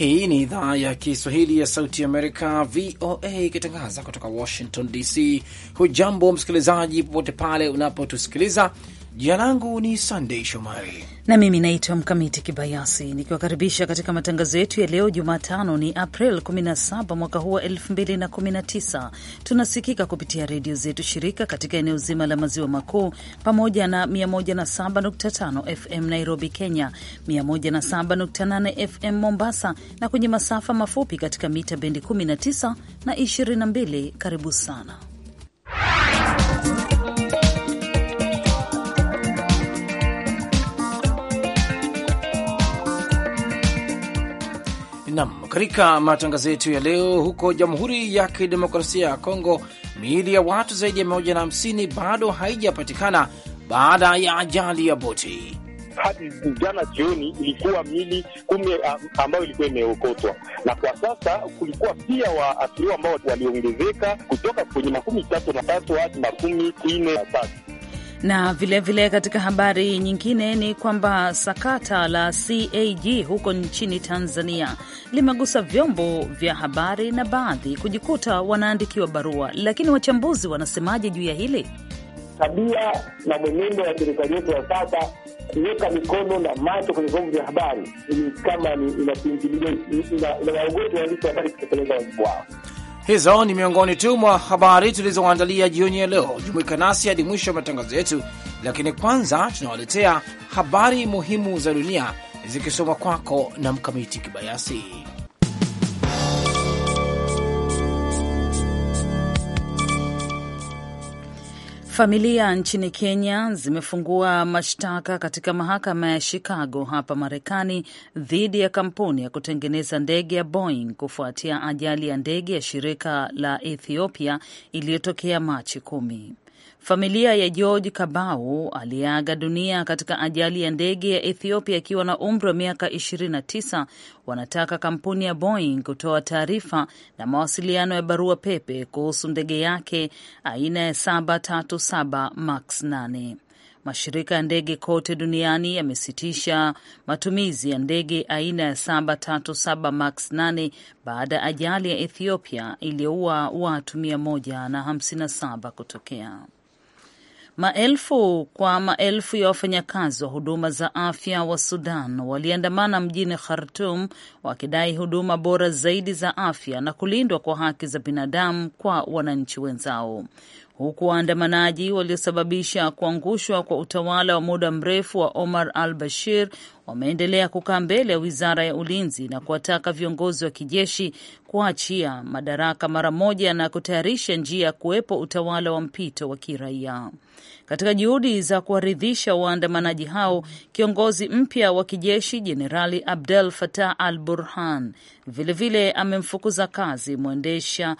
Hii ni idhaa ya Kiswahili ya Sauti Amerika, VOA, ikitangaza kutoka Washington DC. Hujambo msikilizaji, popote pale unapotusikiliza. Jina langu ni Sandei Shomari na mimi naitwa Mkamiti Kibayasi, nikiwakaribisha katika matangazo yetu ya leo Jumatano ni April 17 mwaka huu wa 2019. Tunasikika kupitia redio zetu shirika katika eneo zima la maziwa makuu pamoja na 107.5 FM Nairobi, Kenya, 107.8 FM Mombasa, na kwenye masafa mafupi katika mita bendi 19 na 22. Karibu sana Nam, katika matangazo yetu ya leo, huko Jamhuri ya Kidemokrasia ya Kongo, miili ya watu zaidi ya 150 bado haijapatikana baada ya ajali ya boti. Hadi jana jioni ilikuwa mili kumi ambayo ilikuwa imeokotwa, na kwa sasa kulikuwa pia waathiriwa ambao waliongezeka kutoka kwenye makumi tatu na tatu hadi makumi nne na tatu. Na vilevile vile katika habari nyingine ni kwamba sakata la CAG huko nchini Tanzania limegusa vyombo vya habari na baadhi kujikuta wanaandikiwa barua, lakini wachambuzi wanasemaje juu ya hili? Tabia na mwenendo wa serikali yetu ya sasa kuweka mikono na macho kwenye vyombo vya habari ni kama inawaogopa waandishi wa habari kutekeleza wajibu wao. Hizo ni miongoni tu mwa habari tulizoandalia jioni ya leo. Jumuika nasi hadi mwisho wa matangazo yetu, lakini kwanza tunawaletea habari muhimu za dunia zikisomwa kwako na Mkamiti Kibayasi. Familia nchini Kenya zimefungua mashtaka katika mahakama ya Chicago hapa Marekani dhidi ya kampuni ya kutengeneza ndege ya Boeing kufuatia ajali ya ndege ya shirika la Ethiopia iliyotokea Machi kumi. Familia ya George Kabau aliyeaga dunia katika ajali ya ndege ya Ethiopia akiwa na umri wa miaka 29 wanataka kampuni ya Boeing kutoa taarifa na mawasiliano ya barua pepe kuhusu ndege yake aina ya 737 Max 8. Mashirika ya ndege kote duniani yamesitisha matumizi ya ndege aina ya 737 Max 8 baada ya ajali ya Ethiopia iliyoua watu 157 kutokea. Maelfu kwa maelfu ya wafanyakazi wa huduma za afya wa Sudan waliandamana mjini Khartum wakidai huduma bora zaidi za afya na kulindwa kwa haki za binadamu kwa wananchi wenzao huku waandamanaji waliosababisha kuangushwa kwa utawala wa muda mrefu wa Omar al Bashir wameendelea kukaa mbele ya wizara ya ulinzi na kuwataka viongozi wa kijeshi kuachia madaraka mara moja na kutayarisha njia ya kuwepo utawala wa mpito wa kiraia. Katika juhudi za kuwaridhisha waandamanaji hao, kiongozi mpya wa kijeshi Jenerali Abdel Fattah al Burhan vilevile amemfukuza kazi mwendesha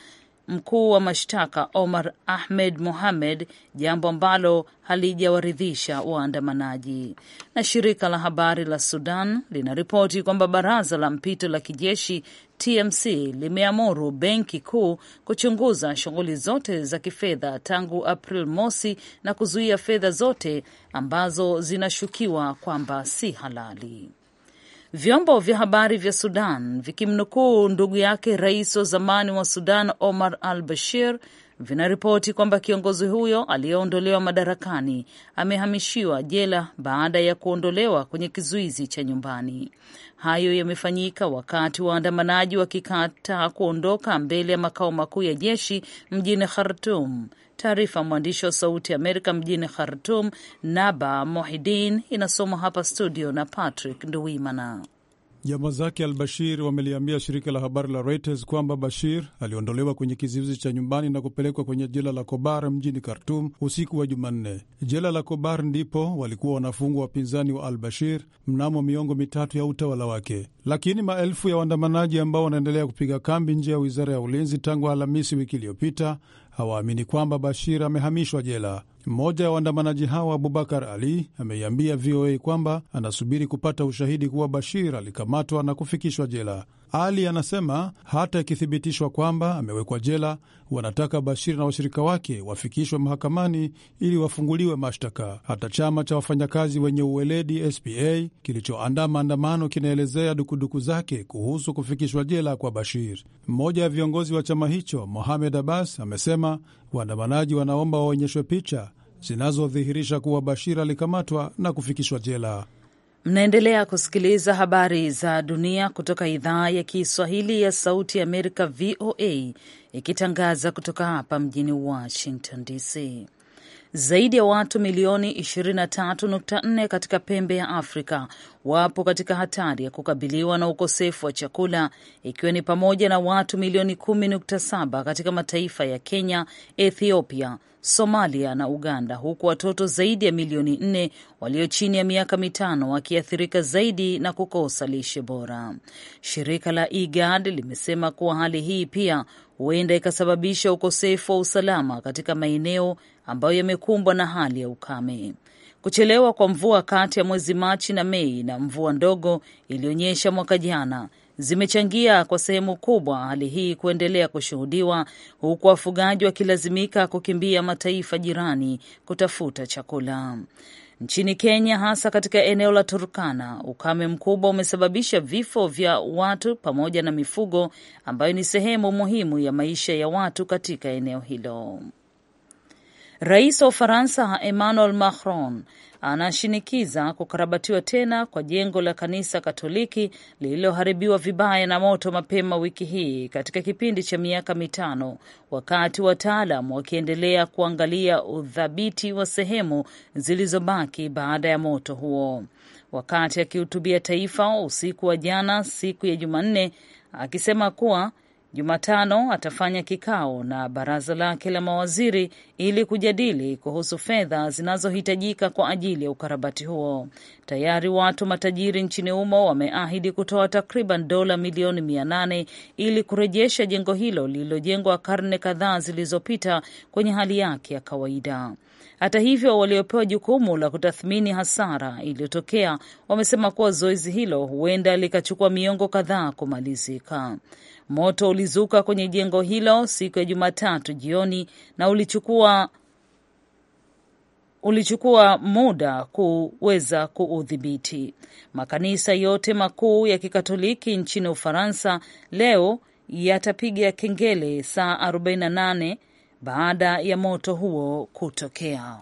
mkuu wa mashtaka Omar Ahmed Mohamed, jambo ambalo halijawaridhisha waandamanaji. Na shirika la habari la Sudan linaripoti kwamba baraza la mpito la kijeshi TMC limeamuru benki kuu kuchunguza shughuli zote za kifedha tangu April mosi na kuzuia fedha zote ambazo zinashukiwa kwamba si halali vyombo vya habari vya Sudan vikimnukuu ndugu yake rais wa zamani wa Sudan Omar al Bashir vinaripoti kwamba kiongozi huyo aliyeondolewa madarakani amehamishiwa jela baada ya kuondolewa kwenye kizuizi cha nyumbani. Hayo yamefanyika wakati waandamanaji wakikataa kuondoka mbele ya makao makuu ya jeshi mjini Khartum Taarifa mwandishi wa Sauti ya Amerika mjini Khartum, Naba Mohidin, inasomwa hapa studio na Patrick Nduwimana. Jama zake Al Bashir wameliambia shirika la habari la Reuters kwamba Bashir aliondolewa kwenye kizuizi cha nyumbani na kupelekwa kwenye jela la Kobar mjini Khartum usiku wa Jumanne. Jela la Kobar ndipo walikuwa wanafungwa wapinzani wa Al Bashir mnamo miongo mitatu ya utawala wake, lakini maelfu ya waandamanaji ambao wanaendelea kupiga kambi nje ya wizara ya ulinzi tangu Alhamisi wiki iliyopita hawaamini kwamba Bashir amehamishwa jela. Mmoja ya waandamanaji hawa Abubakar Ali ameiambia VOA kwamba anasubiri kupata ushahidi kuwa Bashir alikamatwa na kufikishwa jela. Ali anasema hata ikithibitishwa kwamba amewekwa jela, wanataka Bashir na washirika wake wafikishwe mahakamani ili wafunguliwe mashtaka. Hata chama cha wafanyakazi wenye uweledi SPA kilichoandaa maandamano kinaelezea dukuduku zake kuhusu kufikishwa jela kwa Bashir. Mmoja ya viongozi wa chama hicho Mohamed Abbas amesema waandamanaji wanaomba waonyeshwe picha zinazodhihirisha kuwa Bashir alikamatwa na kufikishwa jela. Mnaendelea kusikiliza habari za dunia kutoka idhaa ya Kiswahili ya Sauti ya Amerika, VOA, ikitangaza kutoka hapa mjini Washington DC. Zaidi ya watu milioni 23.4 katika pembe ya Afrika wapo katika hatari ya kukabiliwa na ukosefu wa chakula ikiwa ni pamoja na watu milioni 10.7 katika mataifa ya Kenya, Ethiopia, Somalia na Uganda, huku watoto zaidi ya milioni nne walio chini ya miaka mitano wakiathirika zaidi na kukosa lishe bora. Shirika la IGAD limesema kuwa hali hii pia huenda ikasababisha ukosefu wa usalama katika maeneo ambayo yamekumbwa na hali ya ukame. Kuchelewa kwa mvua kati ya mwezi Machi na Mei na mvua ndogo iliyonyesha mwaka jana zimechangia kwa sehemu kubwa hali hii kuendelea kushuhudiwa, huku wafugaji wakilazimika kukimbia mataifa jirani kutafuta chakula. Nchini Kenya, hasa katika eneo la Turkana, ukame mkubwa umesababisha vifo vya watu pamoja na mifugo ambayo ni sehemu muhimu ya maisha ya watu katika eneo hilo. Rais wa Ufaransa Emmanuel Macron anashinikiza kukarabatiwa tena kwa jengo la kanisa Katoliki lililoharibiwa vibaya na moto mapema wiki hii katika kipindi cha miaka mitano, wakati wataalam wakiendelea kuangalia udhabiti wa sehemu zilizobaki baada ya moto huo. Wakati akihutubia taifa usiku wa jana, siku ya Jumanne, akisema kuwa Jumatano atafanya kikao na baraza lake la mawaziri ili kujadili kuhusu fedha zinazohitajika kwa ajili ya ukarabati huo. Tayari watu matajiri nchini humo wameahidi kutoa takriban dola milioni mia nane ili kurejesha jengo hilo lililojengwa karne kadhaa zilizopita kwenye hali yake ya kawaida. Hata hivyo, waliopewa jukumu la kutathmini hasara iliyotokea wamesema kuwa zoezi hilo huenda likachukua miongo kadhaa kumalizika. Moto ulizuka kwenye jengo hilo siku ya Jumatatu jioni na ulichukua ulichukua muda kuweza kuudhibiti. Makanisa yote makuu ya Kikatoliki nchini Ufaransa leo yatapiga kengele saa 48 baada ya moto huo kutokea.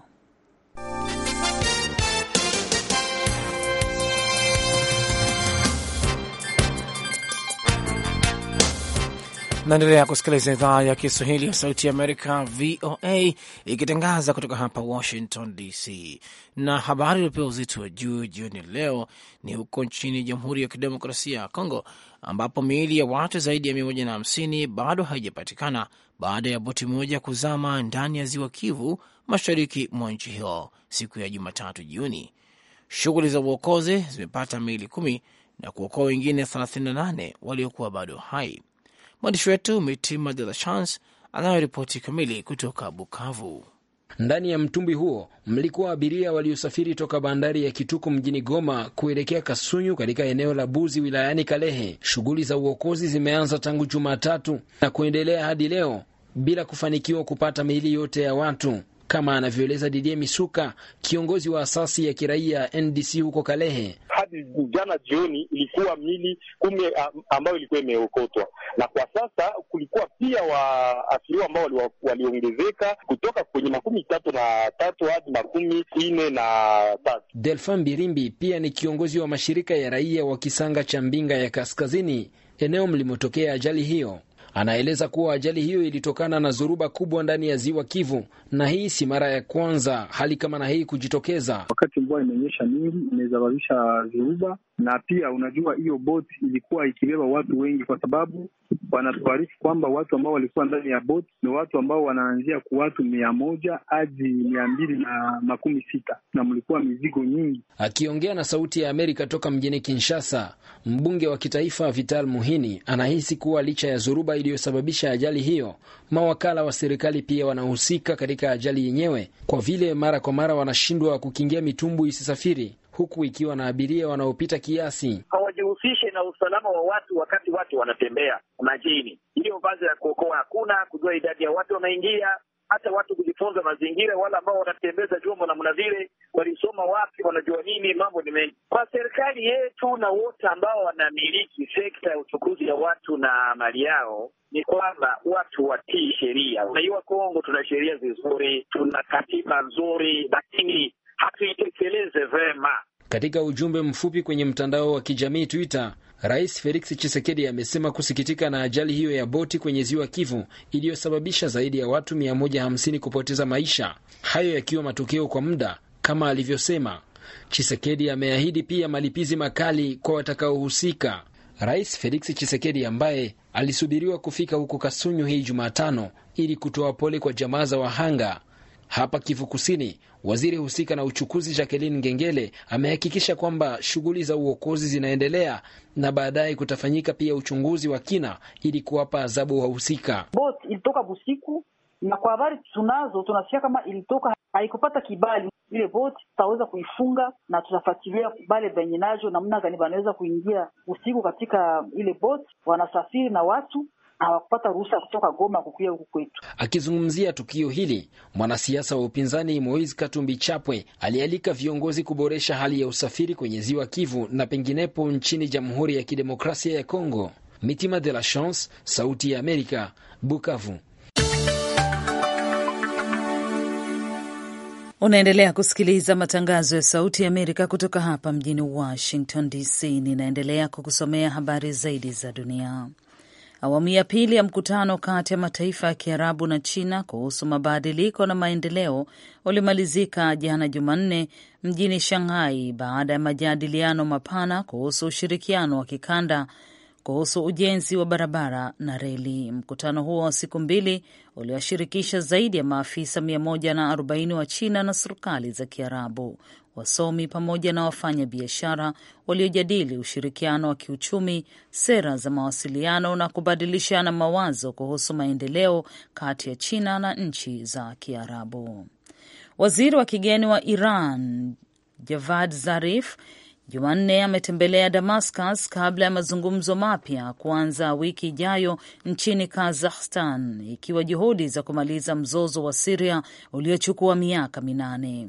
Naendelea kusikiliza idhaa ya Kiswahili ya Sauti ya Amerika, VOA, ikitangaza kutoka hapa Washington DC. Na habari iliopewa uzito wa juu jioni leo ni huko nchini Jamhuri ya Kidemokrasia ya Kongo, ambapo miili ya watu zaidi ya 150 bado haijapatikana baada ya boti moja kuzama ndani ya ziwa Kivu, mashariki mwa nchi hiyo siku ya Jumatatu jioni. Shughuli za uokozi zimepata miili kumi na kuokoa wengine 38 waliokuwa bado hai. Mwandishi wetu Mitima De La Chance anayoripoti kamili kutoka Bukavu. Ndani ya mtumbwi huo mlikuwa abiria waliosafiri toka bandari ya Kituku mjini Goma kuelekea Kasunyu katika eneo la Buzi wilayani Kalehe. Shughuli za uokozi zimeanza tangu Jumatatu na kuendelea hadi leo bila kufanikiwa kupata miili yote ya watu, kama anavyoeleza Didie Misuka, kiongozi wa asasi ya kiraia NDC huko Kalehe hadi jana jioni ilikuwa mili kumi ambayo ilikuwa imeokotwa, na kwa sasa kulikuwa pia waathiriwa ambao waliongezeka wali kutoka kwenye makumi tatu na tatu hadi makumi nne na tatu. Delfa Mbirimbi pia ni kiongozi wa mashirika ya raia wa Kisanga cha Mbinga ya Kaskazini, eneo mlimotokea ajali hiyo. Anaeleza kuwa ajali hiyo ilitokana na dhoruba kubwa ndani ya ziwa Kivu, na hii si mara ya kwanza hali kama na hii kujitokeza. Wakati mvua imenyesha mingi, imesababisha dhoruba, na pia unajua, hiyo boti ilikuwa ikibeba watu wengi, kwa sababu wanatuarifu kwamba watu ambao walikuwa ndani ya boti ni watu ambao wanaanzia ku watu mia moja hadi mia mbili na makumi sita na mlikuwa mizigo nyingi. Akiongea na Sauti ya Amerika toka mjini Kinshasa, mbunge wa kitaifa Vital Muhini anahisi kuwa licha ya zuruba iliyosababisha ajali hiyo, mawakala wa serikali pia wanahusika katika ajali yenyewe, kwa vile mara kwa mara wanashindwa kukingia mitumbu isisafiri huku ikiwa na abiria wanaopita kiasi. Hawajihusishe na usalama wa watu wakati watu wanatembea majini. Hiyo vazi ya kuokoa hakuna, kujua idadi ya watu wanaingia hata watu kujifunza mazingira, wale ambao wanatembeza vyombo namna vile, walisoma wapi, wanajua nini? Mambo ni mengi kwa serikali yetu na wote ambao wanamiliki sekta ya uchukuzi ya watu na mali yao, ni kwamba watu watii sheria. Unajua Kongo tuna sheria vizuri, tuna katiba nzuri, lakini hatuitekeleze vema. Katika ujumbe mfupi kwenye mtandao wa kijamii Twitter, Rais Felix Tshisekedi amesema kusikitika na ajali hiyo ya boti kwenye ziwa Kivu iliyosababisha zaidi ya watu 150 kupoteza maisha, hayo yakiwa matokeo kwa muda kama alivyosema. Tshisekedi ameahidi pia malipizi makali kwa watakaohusika. Rais Felix Tshisekedi ambaye alisubiriwa kufika huko Kasunyu hii Jumatano ili kutoa pole kwa jamaa za wahanga hapa Kivu Kusini, waziri husika na uchukuzi Jacqueline Ngengele amehakikisha kwamba shughuli za uokozi zinaendelea na baadaye kutafanyika pia uchunguzi wa kina ili kuwapa adhabu wahusika. Bot ilitoka busiku na kwa habari tunazo tunasikia kama ilitoka haikupata kibali ile bot, tutaweza kuifunga na tutafuatilia bale venye nazo namna gani wanaweza kuingia usiku katika ile bot, wanasafiri na watu hawakupata ruhusa kutoka Goma kukuja huku kwetu. Akizungumzia tukio hili, mwanasiasa wa upinzani Moise Katumbi Chapwe alialika viongozi kuboresha hali ya usafiri kwenye ziwa Kivu na penginepo nchini Jamhuri ya Kidemokrasia ya Kongo. Mitima de la Chance, Sauti ya Amerika, Bukavu. Unaendelea kusikiliza matangazo ya Sauti ya Amerika kutoka hapa mjini Washington DC. Ninaendelea kukusomea habari zaidi za dunia. Awamu ya pili ya mkutano kati ya mataifa ya Kiarabu na China kuhusu mabadiliko na maendeleo ulimalizika jana Jumanne mjini Shanghai baada ya majadiliano mapana kuhusu ushirikiano wa kikanda kuhusu ujenzi wa barabara na reli. Mkutano huo wa siku mbili uliwashirikisha zaidi ya maafisa 140 wa China na serikali za Kiarabu wasomi pamoja na wafanyabiashara waliojadili ushirikiano wa kiuchumi, sera za mawasiliano na kubadilishana mawazo kuhusu maendeleo kati ya China na nchi za Kiarabu. Waziri wa kigeni wa Iran Javad Zarif Jumanne ametembelea Damascus kabla ya mazungumzo mapya kuanza wiki ijayo nchini Kazakhstan, ikiwa juhudi za kumaliza mzozo wa Siria uliochukua miaka minane.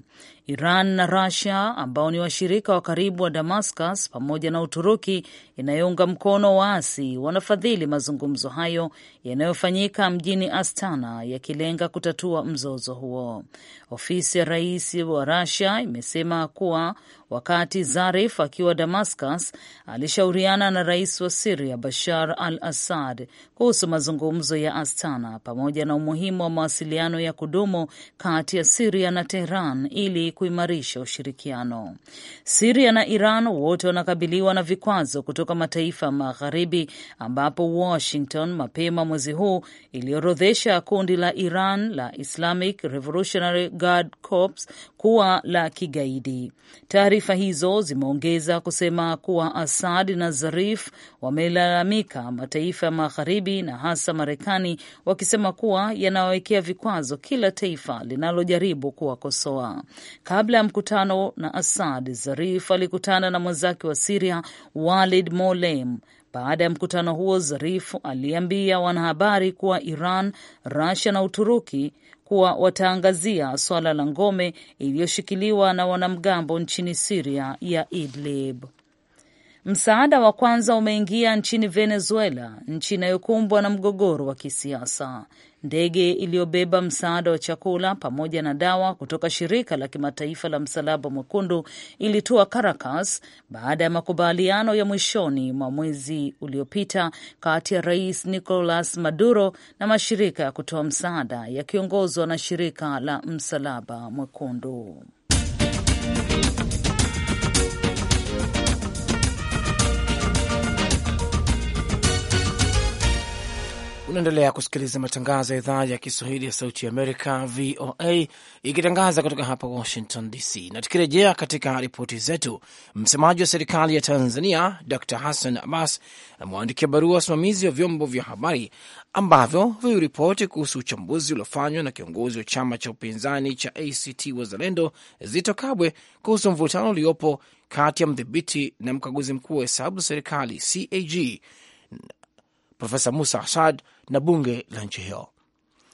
Iran na rasia ambao ni washirika wa karibu wa Damascus pamoja na Uturuki inayounga mkono waasi wanafadhili mazungumzo hayo yanayofanyika mjini Astana yakilenga kutatua mzozo huo. Ofisi ya rais wa rasia imesema kuwa wakati Zarif akiwa Damascus alishauriana na rais wa Siria Bashar al Assad kuhusu mazungumzo ya Astana pamoja na umuhimu wa mawasiliano ya kudumu kati ya Siria na Tehran ili kuimarisha ushirikiano. Siria na Iran wote wanakabiliwa na vikwazo kutoka mataifa ya Magharibi, ambapo Washington mapema mwezi huu iliorodhesha kundi la Iran la Islamic Revolutionary Guard Corps kuwa la kigaidi. Taarifa hizo zimeongeza kusema kuwa Assad na Zarif wamelalamika mataifa ya Magharibi Magharibi na hasa Marekani wakisema kuwa yanawawekea vikwazo kila taifa linalojaribu kuwakosoa. Kabla ya mkutano na Assad, Zarif alikutana na mwenzake wa Siria Walid Molem. Baada ya mkutano huo, Zarif aliambia wanahabari kuwa Iran, Russia na Uturuki kuwa wataangazia suala la ngome iliyoshikiliwa na wanamgambo nchini Siria ya Idlib. Msaada wa kwanza umeingia nchini Venezuela, nchi inayokumbwa na mgogoro wa kisiasa. Ndege iliyobeba msaada wa chakula pamoja na dawa kutoka shirika la kimataifa la Msalaba Mwekundu ilitua Caracas baada ya makubaliano ya mwishoni mwa mwezi uliopita kati ya Rais Nicolas Maduro na mashirika ya kutoa msaada yakiongozwa na shirika la Msalaba Mwekundu. Unaendelea kusikiliza matangazo ya idhaa ya Kiswahili ya Sauti ya Amerika, VOA, ikitangaza kutoka hapa Washington DC. Na tukirejea katika ripoti zetu, msemaji wa serikali ya Tanzania Dr Hassan Abbas amewaandikia barua wasimamizi wa vyombo vya habari ambavyo viliripoti kuhusu uchambuzi uliofanywa na kiongozi wa chama cha upinzani cha ACT Wazalendo Zito Kabwe kuhusu mvutano uliopo kati ya mdhibiti na mkaguzi mkuu wa hesabu za serikali CAG Profesa Musa Asad na bunge la nchi hiyo.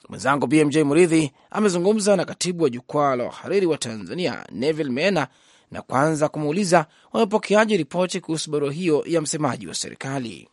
Mwenzangu BMJ Muridhi amezungumza na katibu wa jukwaa la wahariri wa Tanzania Neville mena na kwanza kumuuliza wamepokeaje ripoti kuhusu barua hiyo ya msemaji wa serikali.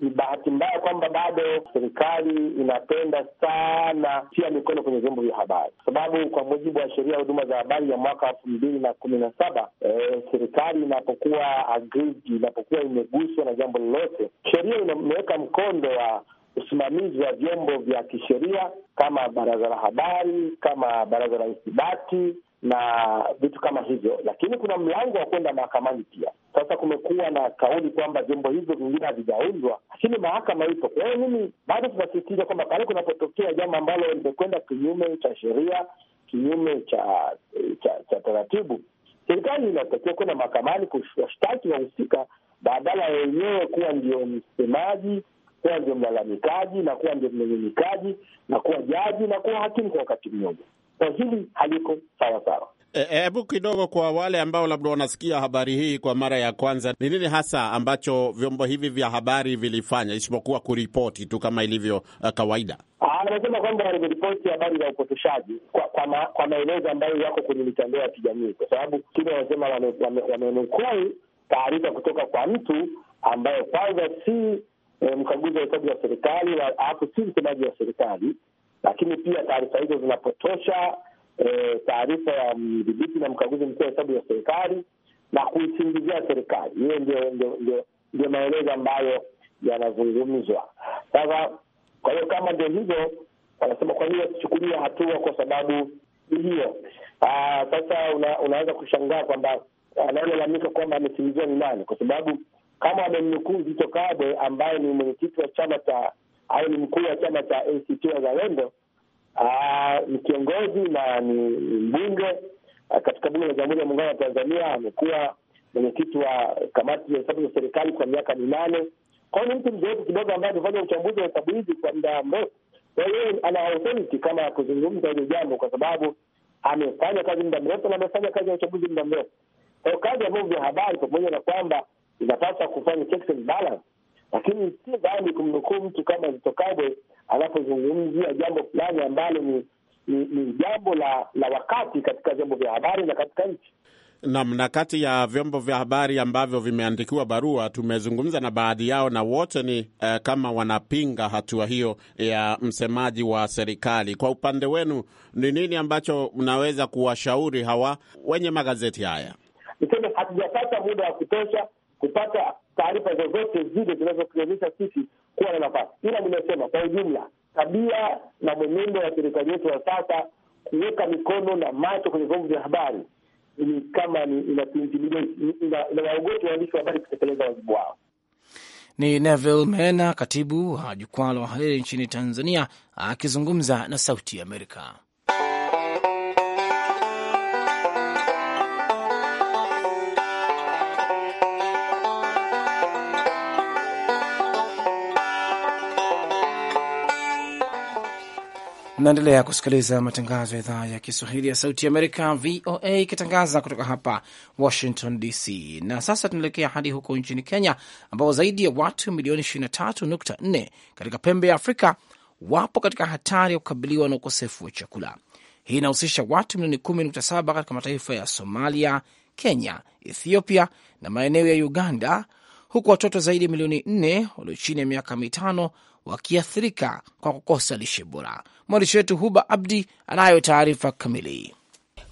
Ni bahati mbaya kwamba bado serikali inapenda sana pia mikono kwenye vyombo vya habari, kwa sababu kwa mujibu wa sheria ya huduma za habari ya mwaka elfu mbili na kumi na saba e, serikali inapokuwa aggrieved, inapokuwa imeguswa na jambo lolote, sheria imeweka mkondo wa usimamizi wa vyombo vya kisheria kama baraza la habari, kama baraza la ithibati na vitu kama hivyo, lakini kuna mlango wa kwenda mahakamani pia. Sasa kumekuwa na kauli kwamba vyombo hivyo vingine havijaundwa, lakini mahakama ipo. Kwa hiyo mimi bado tunasisitiza kwamba pale kunapotokea jambo ambalo limekwenda kinyume cha sheria, kinyume cha cha, cha taratibu, serikali inatakiwa kwenda mahakamani kuwashtaki wahusika, badala ya yenyewe kuwa ndio msemaji kuwa ndio mlalamikaji na kuwa ndio mlalamikaji na kuwa jaji na kuwa hakimu kwa wakati mmoja. Kwa hili haliko sawasawa. E, e, hebu e, kidogo kwa wale ambao labda wanasikia habari hii kwa mara ya kwanza, ni nini hasa ambacho vyombo hivi vya habari vilifanya isipokuwa kuripoti tu kama ilivyo uh, kawaida? Anasema ah, kwamba waliripoti habari za upotoshaji kwa, kwa, ma, kwa maelezo ambayo yako kwenye mitandao ya kijamii, kwa sababu kile wanasema wamenukuu taarifa kutoka kwa mtu ambayo kwanza si e, mkaguzi wa hesabu ya serikali, hapo si msemaji wa serikali, lakini pia taarifa hizo zinapotosha e, taarifa ya mdhibiti na mkaguzi mkuu wa hesabu ya serikali na kuisingizia serikali. Hiyo ndio maelezo ambayo yanazungumzwa sasa. Kwa hiyo kama ndio hivyo, wanasema kwa hiyo wasichukulia hatua kwa sababu hiyo. Ah, sasa una, unaweza kushangaa kwamba anayelalamika kwamba amesingiziwa ni nani, kwa sababu kama amemnukuu Zito Kabwe ambaye ni mwenyekiti wa chama cha au ni mkuu wa chama cha ACT Wazalendo, ah, ni kiongozi na ni mbunge ah, katika bunge la Jamhuri ya Muungano wa Tanzania. Amekuwa mwenyekiti wa kamati ya hesabu za serikali kwa miaka minane. Kwa hiyo ni mtu mzoefu kidogo ambaye amefanya uchambuzi wa hesabu hizi kwa muda mrefu. Yeye ana authority kama ya kuzungumza hilo jambo, kwa sababu amefanya kazi muda mrefu na amefanya kazi ya uchambuzi muda mrefu. Kwa hiyo kazi ya vyombo vya habari pamoja na kwamba inapaswa kufanya checks and balance, lakini si dhambi kumnukuu mtu kama Zitokabwe anapozungumzia jambo fulani ambalo ni, ni, ni jambo la, la wakati katika vyombo vya habari na katika nchi nam na kati ya vyombo vya habari ambavyo vimeandikiwa barua tumezungumza na baadhi yao, na wote ni eh, kama wanapinga hatua hiyo ya msemaji wa serikali. Kwa upande wenu, ni nini ambacho mnaweza kuwashauri hawa wenye magazeti haya? Niseme hatujapata muda wa kutosha kupata taarifa zozote zile zinazotuwezesha sisi kuwa na nafasi. Ila nimesema kwa ujumla, tabia na mwenendo wa serikali yetu ya sasa kuweka mikono na macho kwenye vyombo vya habari ni kama inawaogoti waandishi wa habari kutekeleza wajibu wao. Ni Neville Mena, katibu wa jukwaa la wahariri nchini Tanzania, akizungumza na Sauti ya Amerika. Mnaendelea kusikiliza matangazo ya idhaa ya Kiswahili ya Sauti ya Amerika, VOA, ikitangaza kutoka hapa Washington DC. Na sasa tunaelekea hadi huko nchini Kenya, ambapo zaidi ya watu milioni 23.4 katika pembe ya Afrika wapo katika hatari ya kukabiliwa na ukosefu wa chakula. Hii inahusisha watu milioni 10.7 katika mataifa ya Somalia, Kenya, Ethiopia na maeneo ya Uganda, huku watoto zaidi ya milioni 4 walio chini ya miaka mitano wakiathirika kwa kukosa lishe bora. Mwandishi wetu Huba Abdi anayo taarifa kamili.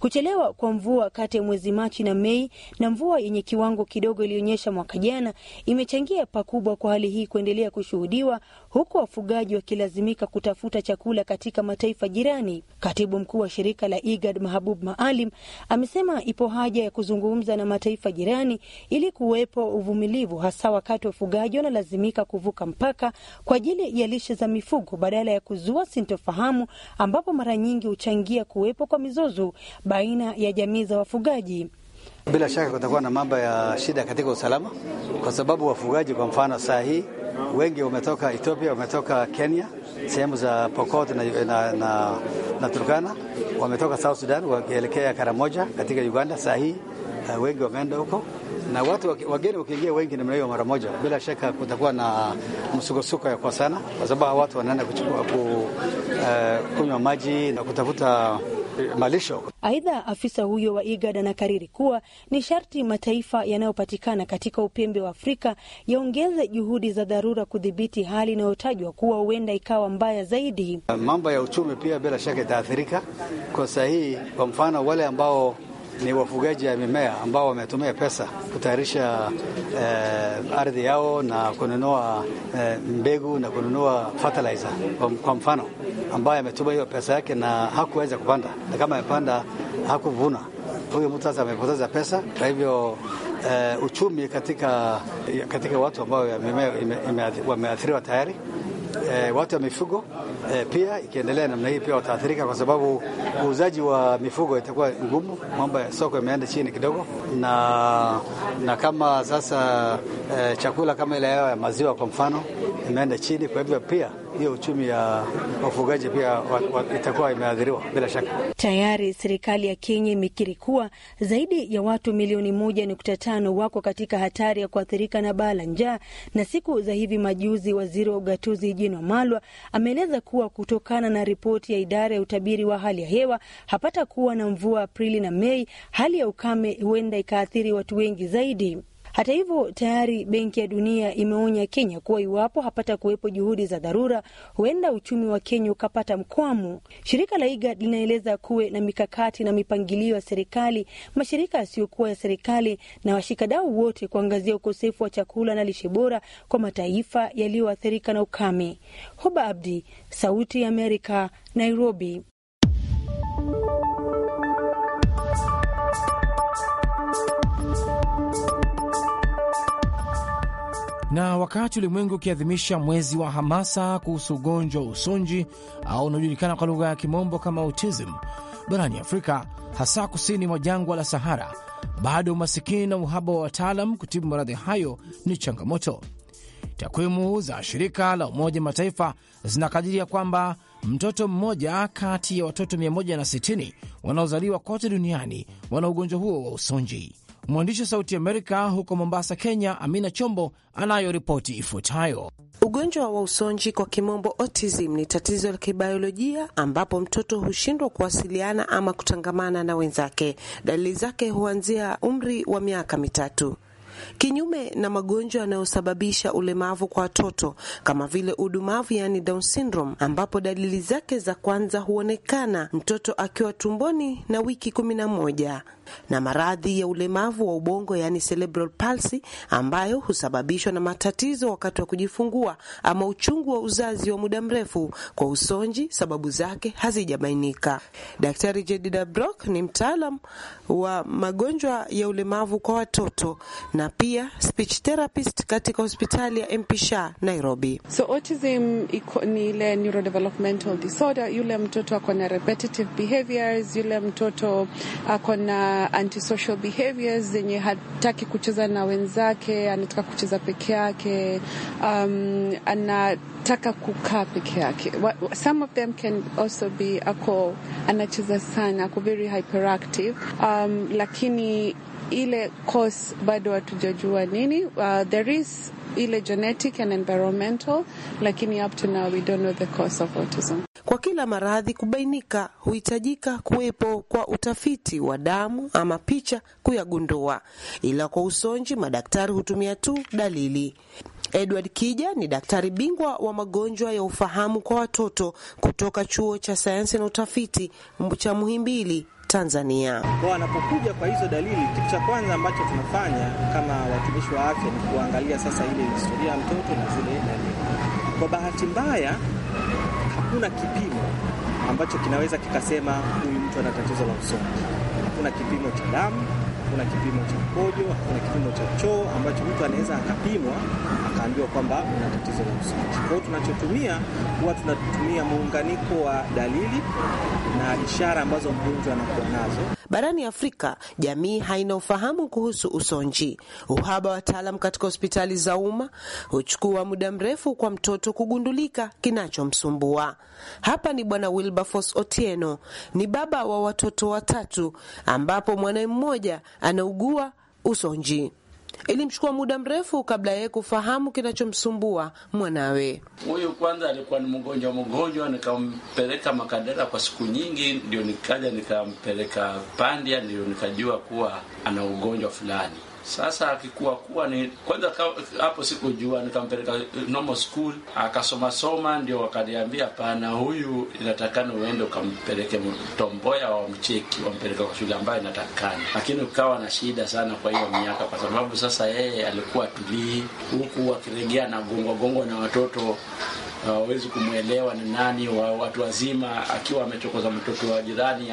Kuchelewa kwa mvua kati ya mwezi Machi na Mei na mvua yenye kiwango kidogo iliyonyesha mwaka jana imechangia pakubwa kwa hali hii kuendelea kushuhudiwa, huku wafugaji wakilazimika kutafuta chakula katika mataifa jirani. Katibu mkuu wa shirika la IGAD Mahabub Maalim amesema ipo haja ya kuzungumza na mataifa jirani ili kuwepo uvumilivu, hasa wakati wafugaji wanalazimika kuvuka mpaka kwa ajili ya lishe za mifugo badala ya kuzua sintofahamu, ambapo mara nyingi huchangia kuwepo kwa mizozo baina ya jamii za wafugaji. Bila shaka kutakuwa na mambo ya shida katika usalama, kwa sababu wafugaji, kwa mfano, saa hii wengi wametoka Ethiopia, wametoka Kenya, sehemu za Pokot na, na, na, na Turkana, wametoka South Sudan wakielekea Karamoja katika Uganda. Saa hii eh, wengi wameenda huko na watu wageni wakiingia wengi namna hiyo mara moja, bila shaka kutakuwa na msukosuko ya kwa sana, kwa sababu watu wanaenda kuchukua ku, uh, kunywa maji na kutafuta Eh, malisho. Aidha, afisa huyo wa IGAD anakariri kuwa ni sharti mataifa yanayopatikana katika upembe wa Afrika yaongeze juhudi za dharura kudhibiti hali inayotajwa kuwa huenda ikawa mbaya zaidi. Mambo ya uchumi pia bila shaka itaathirika kwa sahihi kwa mfano wale ambao ni wafugaji ya mimea ambao wametumia pesa kutayarisha eh, ardhi yao na kununua eh, mbegu na kununua fertilizer kwa mfano, ambaye ametumia hiyo pesa yake na hakuweza kupanda, na kama amepanda hakuvuna, huyo mtu sasa amepoteza pesa. Kwa hivyo eh, uchumi katika, katika watu ambao mimea wameathiriwa tayari e, watu wa mifugo e, pia ikiendelea namna hii pia wataathirika, kwa sababu uuzaji wa mifugo itakuwa ngumu, mambo ya soko imeenda chini kidogo, na na kama sasa e, chakula kama ile ya maziwa kwa mfano imeenda chini, kwa hivyo pia hiyo uchumi ya wafugaji pia itakuwa imeathiriwa bila shaka. Tayari serikali ya Kenya imekiri kuwa zaidi ya watu milioni moja nukta tano wako katika hatari ya kuathirika na baa la njaa, na siku za hivi majuzi waziri wa ugatuzi Jino Malwa ameeleza kuwa kutokana na ripoti ya idara ya utabiri wa hali ya hewa hapata kuwa na mvua Aprili na Mei, hali ya ukame huenda ikaathiri watu wengi zaidi. Hata hivyo, tayari Benki ya Dunia imeonya Kenya kuwa iwapo hapata kuwepo juhudi za dharura, huenda uchumi wa Kenya ukapata mkwamo. Shirika la IGAD linaeleza kuwe na mikakati na mipangilio ya serikali, mashirika yasiyokuwa ya serikali na washikadau wote kuangazia ukosefu wa chakula na lishe bora kwa mataifa yaliyoathirika na ukame. Hoba Abdi, Sauti ya Amerika, Nairobi. Na wakati ulimwengu ukiadhimisha mwezi wa hamasa kuhusu ugonjwa wa usonji au unaojulikana kwa lugha ya kimombo kama autism, barani Afrika hasa kusini mwa jangwa la Sahara, bado umasikini na uhaba wa wataalam kutibu maradhi hayo ni changamoto. Takwimu za shirika la Umoja Mataifa zinakadiria kwamba mtoto mmoja kati ya watoto 160 wanaozaliwa kote duniani wana ugonjwa huo wa usonji. Mwandishi wa Sauti Amerika huko Mombasa, Kenya, Amina Chombo anayo ripoti ifuatayo. Ugonjwa wa usonji kwa kimombo autism ni tatizo la kibiolojia ambapo mtoto hushindwa kuwasiliana ama kutangamana na wenzake. Dalili zake huanzia umri wa miaka mitatu. Kinyume na magonjwa yanayosababisha ulemavu kwa watoto kama vile udumavu, yani Down syndrome, ambapo dalili zake za kwanza huonekana mtoto akiwa tumboni na wiki kumi na moja na maradhi ya ulemavu wa ubongo yaani cerebral palsy, ambayo husababishwa na matatizo wakati wa kujifungua ama uchungu wa uzazi wa muda mrefu kwa usonji. Sababu zake hazijabainika. Daktari Jedida Brock ni mtaalam wa magonjwa ya ulemavu kwa watoto na pia speech therapist katika hospitali ya MP Nairobi. So autism ni ile neurodevelopmental disorder, yule mtoto ako na repetitive behaviors, yule mtoto ako na uh, antisocial behaviors zenye hataki kucheza na wenzake, anataka kucheza peke yake, um, anataka kukaa peke yake. Some of them can also be ako anacheza sana, ako very hyperactive um, lakini ile cause bado hatujajua nini. Uh, there is ile genetic and environmental, lakini up to now we don't know the cause of autism. Kwa kila maradhi kubainika, huhitajika kuwepo kwa utafiti wa damu ama picha kuyagundua, ila kwa usonji madaktari hutumia tu dalili. Edward Kija ni daktari bingwa wa magonjwa ya ufahamu kwa watoto kutoka chuo cha sayansi na utafiti cha Muhimbili Tanzania. Kwa wanapokuja kwa hizo dalili, kitu cha kwanza ambacho tunafanya kama watumishi wa afya ni kuangalia sasa ile historia ya mtoto na zile dalili. Kwa bahati mbaya hakuna kipimo ambacho kinaweza kikasema huyu mtu ana tatizo la usonji. Hakuna kipimo cha damu, hakuna kipimo cha mkojo, hakuna kipimo cha choo ambacho mtu anaweza akapimwa akaambiwa kwamba una tatizo la usonji. Kwa hiyo tunachotumia, huwa tunatumia muunganiko wa dalili na ishara ambazo mgonjwa anakuwa nazo. Barani Afrika, jamii haina ufahamu kuhusu usonji. Uhaba wa wataalam katika hospitali za umma huchukua muda mrefu kwa mtoto kugundulika kinachomsumbua. Hapa ni Bwana Wilberforce Otieno, ni baba wa watoto watatu, ambapo mwanaye mmoja anaugua usonji. Ilimchukua muda mrefu kabla yeye kufahamu kinachomsumbua mwanawe huyu. Kwanza alikuwa ni mgonjwa mgonjwa, nikampeleka Makadera kwa siku nyingi, ndio nikaja nikampeleka Pandya, ndio nikajua kuwa ana ugonjwa fulani. Sasa akikuwa kuwa ni kwanza hapo sikujua, nikampeleka normal school akasoma soma, ndio wakaniambia pana huyu inatakana uende ukampeleke Tomboya, mcheki wampeleke kwa shule ambayo inatakana. Lakini ukawa na shida sana kwa hiyo miaka, kwa sababu sasa yeye alikuwa tulii huku, akiregea na gongwa gongwa na watoto hawawezi kumwelewa ni nani wa watu wazima. Akiwa amechokoza mtoto wa jirani,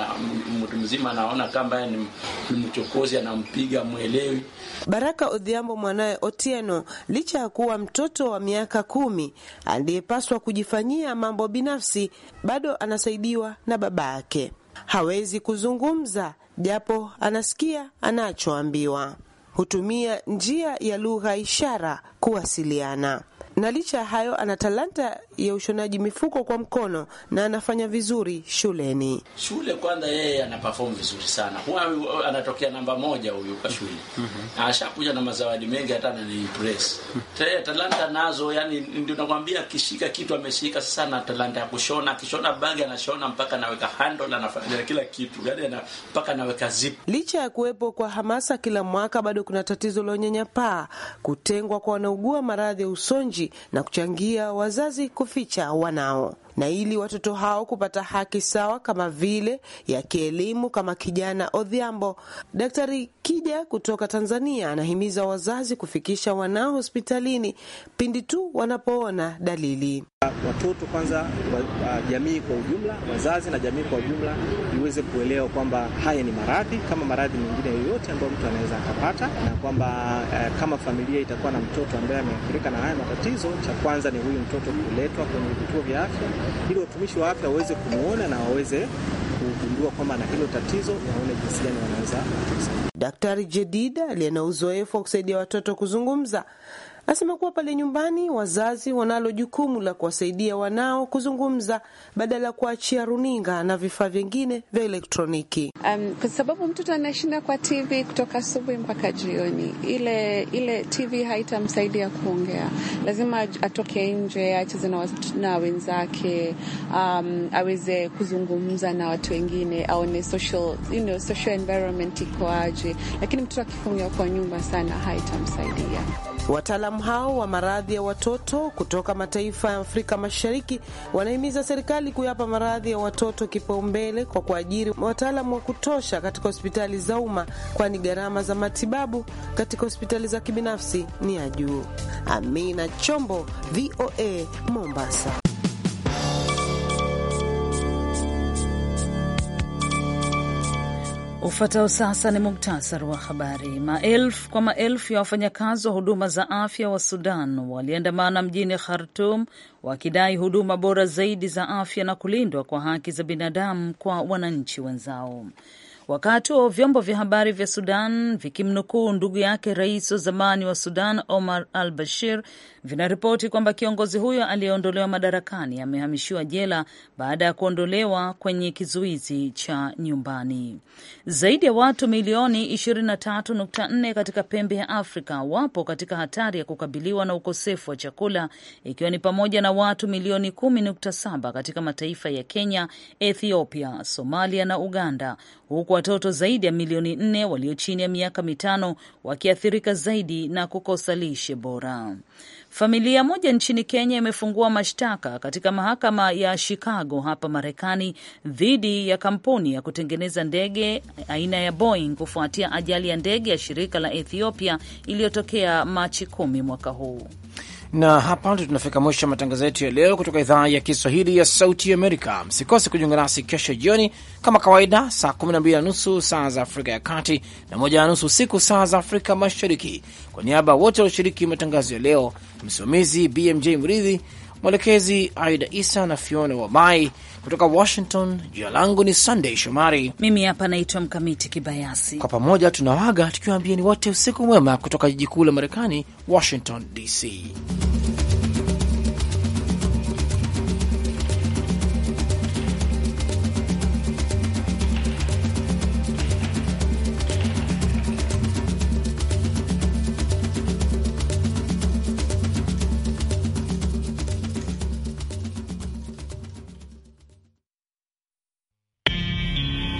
mtu mzima anaona kama ni mchokozi, anampiga, mwelewi. Baraka Odhiambo mwanaye Otieno, licha ya kuwa mtoto wa miaka kumi aliyepaswa kujifanyia mambo binafsi, bado anasaidiwa na baba yake. Hawezi kuzungumza japo anasikia anachoambiwa. Hutumia njia ya lugha ishara kuwasiliana na licha ya hayo ana talanta ya ushonaji mifuko kwa mkono na anafanya vizuri shuleni. Shule kwanza, yeye ana perform vizuri sana, huwa anatokea namba moja huyu kwa shule mm -hmm. Ashakuja na mazawadi mengi, hata anani impress mm -hmm. Talanta nazo, yani ndio nakwambia, akishika kitu ameshika. sana talanta ya kushona, akishona bagi anashona mpaka anaweka handle, anafanya kila kitu yani na, mpaka anaweka zip. Licha ya kuwepo kwa hamasa kila mwaka, bado kuna tatizo la unyanyapaa, kutengwa kwa wanaugua maradhi ya usonji na kuchangia wazazi kuficha wanao na ili watoto hao kupata haki sawa kama vile ya kielimu kama kijana Odhiambo. Daktari Kija kutoka Tanzania anahimiza wazazi kufikisha wanao hospitalini pindi tu wanapoona dalili. Watoto kwanza, jamii kwa ujumla, wazazi na jamii kwa ujumla iweze kuelewa kwamba haya ni maradhi kama maradhi mengine yoyote ambayo mtu anaweza akapata, na kwamba eh, kama familia itakuwa na mtoto ambaye ameathirika na haya matatizo, cha kwanza ni huyu mtoto kuletwa kwenye vituo vya afya ili watumishi wa afya waweze kumwona na waweze kugundua kwamba na hilo tatizo, waone jinsi gani wanaweza. Daktari Jedida aliye na uzoefu wa kusaidia watoto kuzungumza Anasema kuwa pale nyumbani wazazi wanalo jukumu la kuwasaidia wanao kuzungumza badala ya kuachia runinga na vifaa vingine vya elektroniki. Um, kwa sababu mtoto anashinda kwa TV kutoka asubuhi mpaka jioni, ile ile TV haitamsaidia kuongea. Lazima atoke nje, acheze na wenzake, um, aweze kuzungumza na watu wengine, aone social, you know, social environment iko aje. Lakini mtoto akifungiwa kwa nyumba sana haitamsaidia. Wataalamu hao wa maradhi ya watoto kutoka mataifa ya Afrika Mashariki wanahimiza serikali kuyapa maradhi ya watoto kipaumbele kwa kuajiri wataalamu wa kutosha katika hospitali za umma, kwani gharama za matibabu katika hospitali za kibinafsi ni ya juu. Amina Chombo, VOA, Mombasa. Ufuatao sasa ni muktasari wa habari. Maelfu kwa maelfu ya wafanyakazi wa huduma za afya wa Sudan waliandamana mjini Khartum wakidai huduma bora zaidi za afya na kulindwa kwa haki za binadamu kwa wananchi wenzao. Wakati wa vyombo vya habari vya Sudan vikimnukuu ndugu yake rais wa zamani wa Sudan Omar al Bashir, vinaripoti kwamba kiongozi huyo aliyeondolewa madarakani amehamishiwa jela baada ya kuondolewa kwenye kizuizi cha nyumbani. Zaidi ya watu milioni 23.4 katika pembe ya Afrika wapo katika hatari ya kukabiliwa na ukosefu wa chakula, ikiwa ni pamoja na watu milioni 10.7 katika mataifa ya Kenya, Ethiopia, Somalia na Uganda, huku watoto zaidi ya milioni 4 walio chini ya miaka mitano wakiathirika zaidi na kukosa lishe bora. Familia moja nchini Kenya imefungua mashtaka katika mahakama ya Chicago hapa Marekani dhidi ya kampuni ya kutengeneza ndege aina ya Boeing kufuatia ajali ya ndege ya shirika la Ethiopia iliyotokea Machi kumi mwaka huu. Na hapa ndio tunafika mwisho matangazo yetu ya leo kutoka idhaa ya Kiswahili ya Sauti Amerika. Msikose kujiunga nasi kesho jioni kama kawaida, saa 12 na nusu saa za Afrika ya Kati na moja na nusu usiku saa za Afrika Mashariki. Kwa niaba wote walioshiriki matangazo ya leo, msimamizi BMJ Mridhi, mwelekezi Aida Isa na Fiona Wamai. Kutoka Washington, jina langu ni Sunday Shomari. Mimi hapa naitwa Mkamiti Kibayasi. Kwa pamoja tunawaga tukiwaambieni wote usiku mwema kutoka jiji kuu la Marekani, Washington DC.